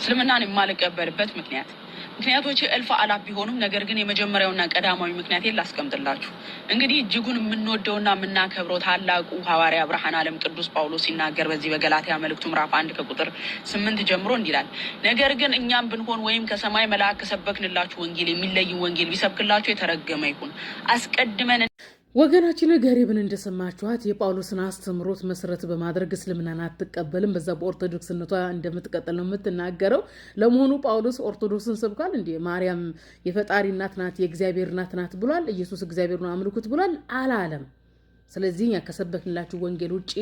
እስልምናን የማልቀበልበት ምክንያት ምክንያቶች እልፍ አላፍ ቢሆኑም ነገር ግን የመጀመሪያውና ቀዳማዊ ምክንያቴን ላስቀምጥላችሁ። እንግዲህ እጅጉን የምንወደውና የምናከብረው ታላቁ ሐዋርያ ብርሃን ዓለም ቅዱስ ጳውሎስ ሲናገር በዚህ በገላትያ መልእክቱ ምዕራፍ አንድ ከቁጥር ስምንት ጀምሮ እንዲላል ነገር ግን እኛም ብንሆን ወይም ከሰማይ መልአክ ከሰበክንላችሁ ወንጌል የሚለይ ወንጌል ቢሰብክላችሁ የተረገመ ይሁን አስቀድመን ወገናችን ገሪብን እንደሰማችኋት የጳውሎስን አስተምሮት መሰረት በማድረግ እስልምናን አትቀበልም፣ በዛ በኦርቶዶክስነቷ እንደምትቀጥል ነው የምትናገረው። ለመሆኑ ጳውሎስ ኦርቶዶክስን ሰብኳል እንዲ ማርያም የፈጣሪ እናት ናት፣ የእግዚአብሔር እናት ናት ብሏል? ኢየሱስ እግዚአብሔር ነው አምልኩት ብሏል? አላለም። ስለዚህ ከሰበክንላችሁ ወንጌል ውጭ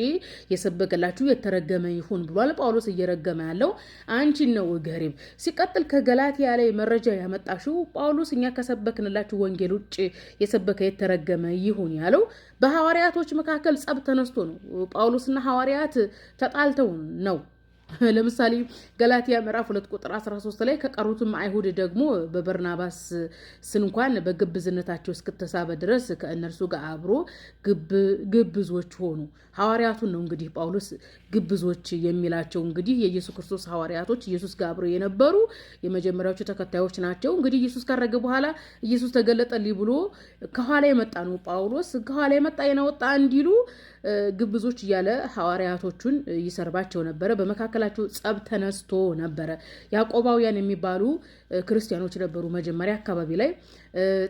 የሰበከላችሁ የተረገመ ይሁን ብሏል። ጳውሎስ እየረገመ ያለው አንቺን ነው ገሪም ሲቀጥል ከገላትያ ላይ መረጃ ያመጣሽው ጳውሎስ እኛ ከሰበክንላችሁ ወንጌል ውጭ የሰበከ የተረገመ ይሁን ያለው በሐዋርያቶች መካከል ጸብ ተነስቶ ነው። ጳውሎስና ሐዋርያት ተጣልተው ነው ለምሳሌ ገላትያ ምዕራፍ ሁለት ቁጥር 13 ላይ ከቀሩትም አይሁድ ደግሞ በበርናባስ ስንኳን በግብዝነታቸው እስክተሳበ ድረስ ከእነርሱ ጋር አብሮ ግብዞች ሆኑ። ሐዋርያቱን ነው እንግዲህ ጳውሎስ ግብዞች የሚላቸው። እንግዲህ የኢየሱስ ክርስቶስ ሐዋርያቶች ኢየሱስ ጋር አብሮ የነበሩ የመጀመሪያዎቹ ተከታዮች ናቸው። እንግዲህ ኢየሱስ ካረገ በኋላ ኢየሱስ ተገለጠልኝ ብሎ ከኋላ የመጣ ነው ጳውሎስ ከኋላ የመጣ የናወጣ እንዲሉ ግብዞች እያለ ሐዋርያቶቹን ይሰርባቸው ነበረ በመካከል በመካከላቸው ጸብ ተነስቶ ነበረ። ያዕቆባውያን የሚባሉ ክርስቲያኖች ነበሩ መጀመሪያ አካባቢ ላይ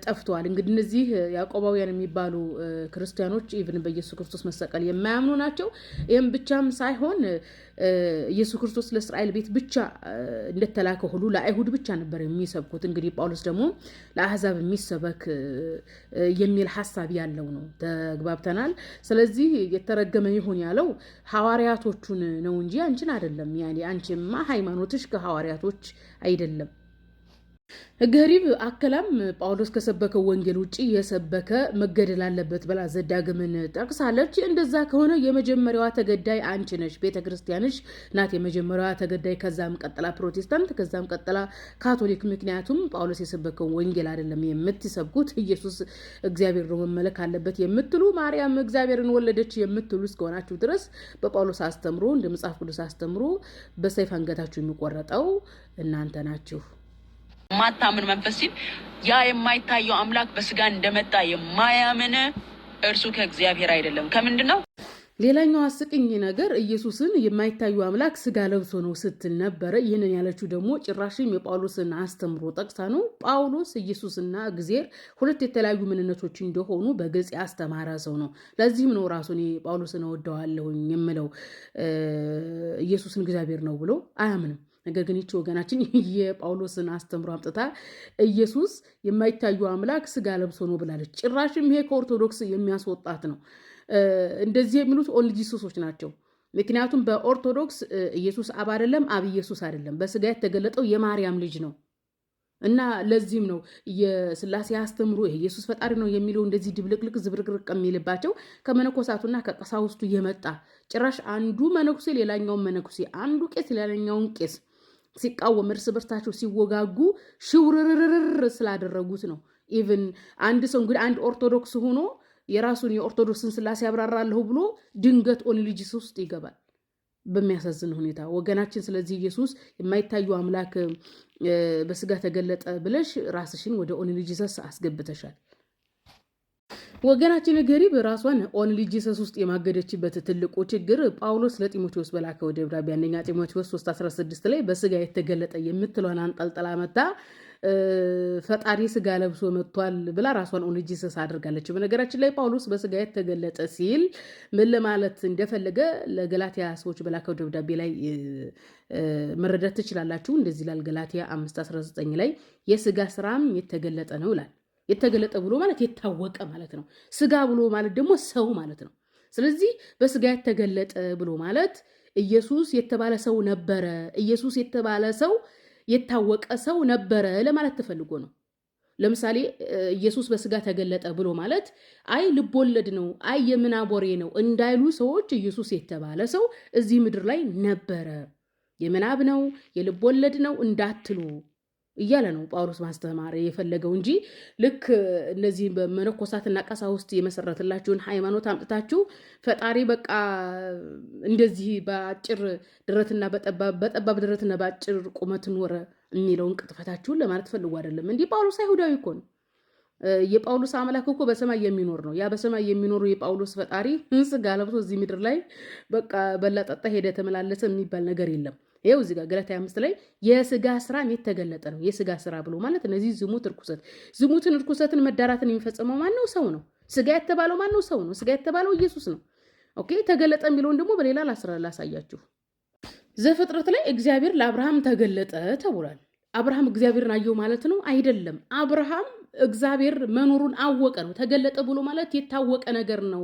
ጠፍተዋል። እንግዲህ እነዚህ ያዕቆባውያን የሚባሉ ክርስቲያኖች ኢቭን በኢየሱስ ክርስቶስ መሰቀል የማያምኑ ናቸው። ይህም ብቻም ሳይሆን ኢየሱስ ክርስቶስ ለእስራኤል ቤት ብቻ እንደተላከ ሁሉ ለአይሁድ ብቻ ነበር የሚሰብኩት። እንግዲህ ጳውሎስ ደግሞ ለአህዛብ የሚሰበክ የሚል ሀሳብ ያለው ነው። ተግባብተናል። ስለዚህ የተረገመ ይሁን ያለው ሐዋርያቶቹን ነው እንጂ አንቺን አይደለም። ያኔ አንቺማ ሃይማኖትሽ ከሐዋርያቶች አይደለም። ገሪብ አከላም ጳውሎስ ከሰበከው ወንጌል ውጭ የሰበከ መገደል አለበት ብላ ዘዳግምን ጠቅሳለች። እንደዛ ከሆነ የመጀመሪያዋ ተገዳይ አንቺ ነሽ፣ ቤተ ክርስቲያንሽ ናት የመጀመሪያዋ ተገዳይ፣ ከዛም ቀጥላ ፕሮቴስታንት፣ ከዛም ቀጥላ ካቶሊክ። ምክንያቱም ጳውሎስ የሰበከውን ወንጌል አይደለም የምትሰብኩት፣ ኢየሱስ እግዚአብሔር ነው መመለክ አለበት የምትሉ፣ ማርያም እግዚአብሔርን ወለደች የምትሉ እስከሆናችሁ ድረስ በጳውሎስ አስተምሮ እንደ መጽሐፍ ቅዱስ አስተምሮ በሰይፍ አንገታችሁ የሚቆረጠው እናንተ ናችሁ። ማታምን መንፈስ ሲል ያ የማይታየው አምላክ በስጋ እንደመጣ የማያምን እርሱ ከእግዚአብሔር አይደለም። ከምንድን ነው? ሌላኛው አስቂኝ ነገር ኢየሱስን የማይታየው አምላክ ስጋ ለብሶ ነው ስትል ነበረ። ይህንን ያለችው ደግሞ ጭራሽም የጳውሎስን አስተምሮ ጠቅሳ ነው። ጳውሎስ ኢየሱስና እግዜር ሁለት የተለያዩ ምንነቶች እንደሆኑ በግልጽ ያስተማረ ሰው ነው። ለዚህም ነው ራሱ እኔ ጳውሎስን እወደዋለሁኝ የምለው ኢየሱስን እግዚአብሔር ነው ብሎ አያምንም። ነገር ግን ይቺ ወገናችን የጳውሎስን አስተምሮ አምጥታ ኢየሱስ የማይታዩ አምላክ ስጋ ለብሶ ነው ብላለች። ጭራሽም ይሄ ከኦርቶዶክስ የሚያስወጣት ነው። እንደዚህ የሚሉት ኦንሊ ጂሱሶች ናቸው። ምክንያቱም በኦርቶዶክስ ኢየሱስ አብ አይደለም፣ አብ ኢየሱስ አይደለም። በስጋ የተገለጠው የማርያም ልጅ ነው እና ለዚህም ነው የስላሴ አስተምሮ ኢየሱስ ፈጣሪ ነው የሚለው እንደዚህ ድብልቅልቅ ዝብርቅርቅ የሚልባቸው ከመነኮሳቱና ከቀሳውስቱ የመጣ ጭራሽ አንዱ መነኩሴ ሌላኛውን መነኩሴ፣ አንዱ ቄስ ሌላኛውን ቄስ ሲቃወም እርስ በርሳቸው ሲወጋጉ ሽውርርርር ስላደረጉት ነው። ኢቭን አንድ ሰው እንግዲህ አንድ ኦርቶዶክስ ሆኖ የራሱን የኦርቶዶክስን ስላሴ ያብራራለሁ ብሎ ድንገት ኦንሊጂስ ውስጥ ይገባል። በሚያሳዝን ሁኔታ ወገናችን፣ ስለዚህ ኢየሱስ የማይታዩ አምላክ በስጋ ተገለጠ ብለሽ ራስሽን ወደ ኦንሊጂሰስ አስገብተሻል። ወገናችን ገሪብ ራሷን ኦንሊ ጂሰስ ውስጥ የማገደችበት ትልቁ ችግር ጳውሎስ ለጢሞቴዎስ በላከው ደብዳቤ አንደኛ ጢሞቴዎስ 316 ላይ በስጋ የተገለጠ የምትለን አንጠልጥላ መታ ፈጣሪ ስጋ ለብሶ መጥቷል ብላ ራሷን ኦንሊ ጂሰስ አድርጋለች። በነገራችን ላይ ጳውሎስ በስጋ የተገለጠ ሲል ምን ለማለት እንደፈለገ ለገላትያ ሰዎች በላከው ደብዳቤ ላይ መረዳት ትችላላችሁ። እንደዚህ ይላል ገላትያ 519 ላይ የስጋ ስራም የተገለጠ ነው ይላል። የተገለጠ ብሎ ማለት የታወቀ ማለት ነው። ስጋ ብሎ ማለት ደግሞ ሰው ማለት ነው። ስለዚህ በስጋ የተገለጠ ብሎ ማለት ኢየሱስ የተባለ ሰው ነበረ፣ ኢየሱስ የተባለ ሰው የታወቀ ሰው ነበረ ለማለት ተፈልጎ ነው። ለምሳሌ ኢየሱስ በስጋ ተገለጠ ብሎ ማለት አይ ልቦለድ ነው፣ አይ የምናቦሬ ነው እንዳይሉ ሰዎች ኢየሱስ የተባለ ሰው እዚህ ምድር ላይ ነበረ፣ የምናብ ነው፣ ወለድ ነው እንዳትሉ እያለ ነው ጳውሎስ ማስተማር የፈለገው እንጂ ልክ እነዚህ በመነኮሳትና ቀሳውስት የመሰረትላችሁን ሃይማኖት አምጥታችሁ ፈጣሪ በቃ እንደዚህ በአጭር ድረትና በጠባብ ድረትና በአጭር ቁመት ኖረ የሚለውን ቅጥፈታችሁን ለማለት ፈልጎ አይደለም። እንዲህ ጳውሎስ አይሁዳዊ እኮ ነው። የጳውሎስ አምላክ እኮ በሰማይ የሚኖር ነው። ያ በሰማይ የሚኖሩ የጳውሎስ ፈጣሪ ስጋ ለብሶ እዚህ ምድር ላይ በቃ በላ ጠጣ ሄደ ተመላለሰ የሚባል ነገር የለም። ይኸው እዚህ ጋር ገላትያ አምስት ላይ የስጋ ስራን የተገለጠ ነው። የስጋ ስራ ብሎ ማለት እነዚህ ዝሙት፣ እርኩሰት፣ ዝሙትን፣ እርኩሰትን፣ መዳራትን የሚፈጽመው ማነው? ሰው ነው። ስጋ የተባለው ማነው? ሰው ነው። ስጋ የተባለው ኢየሱስ ነው። ኦኬ ተገለጠ የሚለውን ደግሞ በሌላ ላሳያችሁ። ዘፍጥረት ላይ እግዚአብሔር ለአብርሃም ተገለጠ ተብሏል። አብርሃም እግዚአብሔርን አየው ማለት ነው አይደለም። አብርሃም እግዚአብሔር መኖሩን አወቀ ነው። ተገለጠ ብሎ ማለት የታወቀ ነገር ነው፣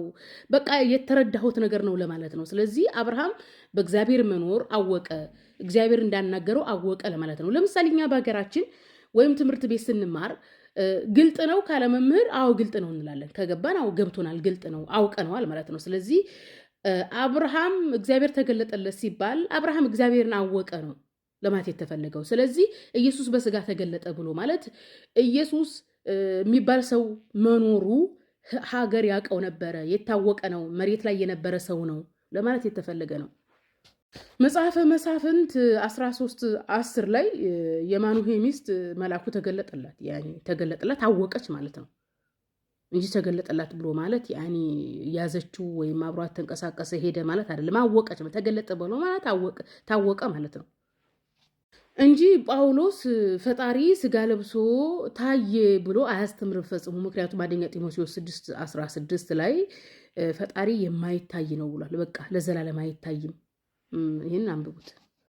በቃ የተረዳሁት ነገር ነው ለማለት ነው። ስለዚህ አብርሃም በእግዚአብሔር መኖር አወቀ፣ እግዚአብሔር እንዳናገረው አወቀ ለማለት ነው። ለምሳሌ እኛ በሀገራችን ወይም ትምህርት ቤት ስንማር ግልጥ ነው ካለ መምህር፣ አዎ ግልጥ ነው እንላለን። ከገባን፣ አዎ ገብቶናል፣ ግልጥ ነው አውቀነዋል ማለት ነው። ስለዚህ አብርሃም እግዚአብሔር ተገለጠለት ሲባል አብርሃም እግዚአብሔርን አወቀ ነው ለማለት የተፈለገው። ስለዚህ ኢየሱስ በስጋ ተገለጠ ብሎ ማለት ኢየሱስ የሚባል ሰው መኖሩ ሀገር ያውቀው ነበረ፣ የታወቀ ነው፣ መሬት ላይ የነበረ ሰው ነው ለማለት የተፈለገ ነው። መጽሐፈ መሳፍንት 13 10 ላይ የማኑሄ ሚስት መልአኩ ተገለጠላት፣ ተገለጠላት አወቀች ማለት ነው እንጂ ተገለጠላት ብሎ ማለት ያኔ ያዘችው ወይም አብሯት ተንቀሳቀሰ ሄደ ማለት አይደለም። አወቀች ተገለጠ ብሎ ማለት ታወቀ ማለት ነው። እንጂ ጳውሎስ ፈጣሪ ስጋ ለብሶ ታየ ብሎ አያስተምርም ፈጽሞ። ምክንያቱም አንደኛ ጢሞቴዎስ 6 16 ላይ ፈጣሪ የማይታይ ነው ብሏል። በቃ ለዘላለም አይታይም። ይህን አንብቡት።